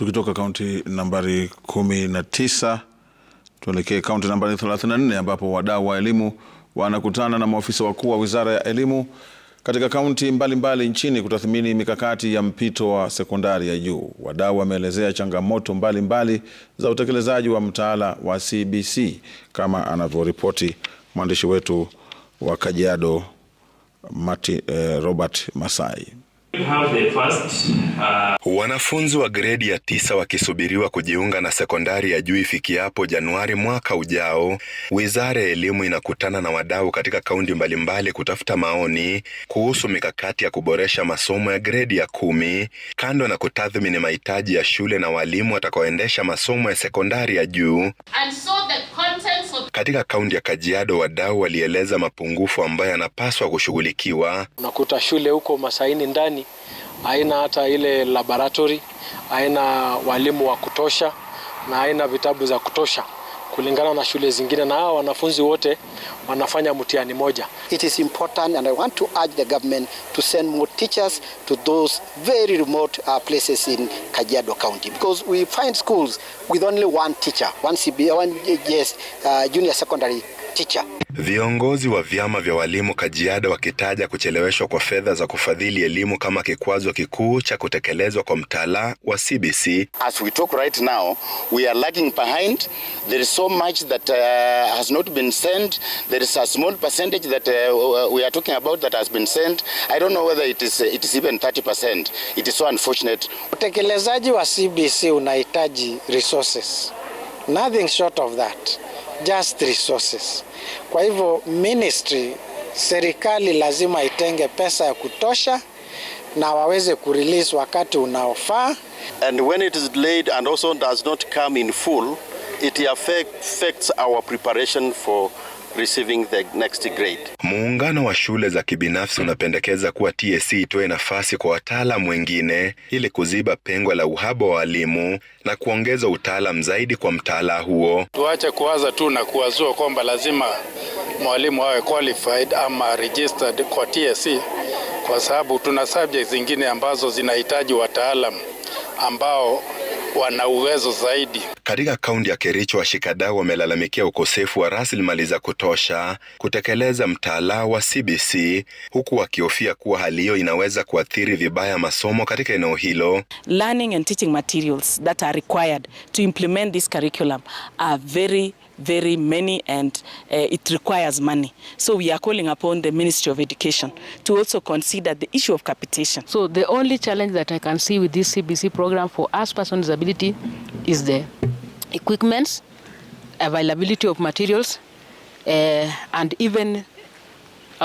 Tukitoka kaunti nambari 19 tuelekee kaunti nambari 34 ambapo wadau wa elimu wanakutana na maafisa wakuu wa wizara ya elimu katika kaunti mbalimbali nchini kutathmini mikakati ya mpito wa sekondari ya juu. Wadau wameelezea changamoto mbalimbali mbali za utekelezaji wa mtaala wa CBC kama anavyoripoti mwandishi wetu wa Kajiado Mati, eh, Robert Masai. Uh, Wanafunzi wa gredi ya tisa wakisubiriwa kujiunga na sekondari ya juu ifikiapo Januari mwaka ujao, Wizara ya Elimu inakutana na wadau katika kaunti mbalimbali kutafuta maoni kuhusu mikakati ya kuboresha masomo ya gredi ya kumi, kando na kutathmini mahitaji ya shule na walimu watakaoendesha masomo ya sekondari ya juu And so katika kaunti ya Kajiado, wadau walieleza mapungufu ambayo yanapaswa kushughulikiwa. Unakuta shule huko Masaini ndani haina hata ile laboratory, haina walimu wa kutosha na haina vitabu za kutosha kulingana na shule zingine, na hawa wanafunzi wote wanafanya mtihani moja. It is important and I want to urge the government to send more teachers to those very remote uh, places in Kajiado County because we find schools with only one teacher, one CB, one JS, uh, junior secondary ticha. Viongozi wa vyama vya walimu Kajiado wakitaja kucheleweshwa kwa fedha za kufadhili elimu kama kikwazo kikuu cha kutekelezwa kwa mtaala wa CBC. As we talk right now, we are lagging behind. There is so much that uh, has not been sent. There is a small percentage that uh, uh we are talking about that has been sent. I don't know whether it is, uh, it is even 30%. It is so unfortunate. Utekelezaji wa CBC unahitaji resources. Nothing short of that just resources. Kwa hivyo ministry, serikali lazima itenge pesa ya kutosha na waweze kurelease wakati unaofaa. And when it is delayed and also does not come in full, it affects our preparation for receiving the next grade. Muungano wa shule za kibinafsi unapendekeza kuwa TSC e itoe nafasi kwa wataalamu wengine ili kuziba pengo la uhaba wa walimu na kuongeza utaalam zaidi kwa mtaala huo. Tuache kuwaza tu na kuwazua kwamba lazima mwalimu awe qualified ama registered kwa TSC e, kwa sababu tuna subjects zingine ambazo zinahitaji wataalamu ambao wana uwezo zaidi. Katika kaunti ya Kericho, washikadau wamelalamikia ukosefu wa rasilimali za kutosha kutekeleza mtaala wa CBC, huku wakihofia kuwa hali hiyo inaweza kuathiri vibaya masomo katika eneo hilo. Learning and teaching materials that are required to implement this curriculum are very very many and uh, it requires money. So we are calling upon the Ministry of Education to also consider the issue of capitation. So the only challenge that I can see with this CBC program for us persons with disability is the equipment, availability of materials, uh, and even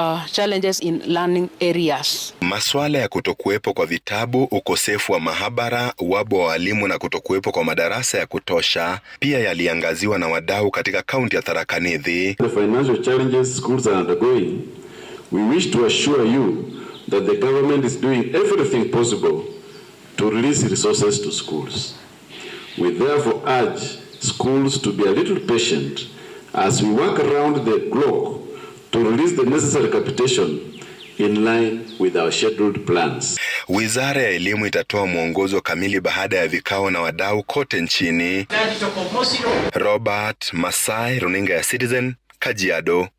Uh, challenges in learning areas. Maswala ya kutokuwepo kwa vitabu, ukosefu wa mahabara, uhaba wa walimu na kutokuwepo kwa madarasa ya kutosha pia yaliangaziwa na wadau katika kaunti ya Tharaka Nithi. The financial challenges schools are undergoing, we wish to assure you that the government is doing everything possible to release resources to schools. We therefore urge schools to be a little patient as we work around the clock to release the necessary capitation in line with our scheduled plans. Wizara ya Elimu itatoa mwongozo kamili baada ya vikao na wadau kote nchini. Robert Masai, Runinga ya Citizen, Kajiado.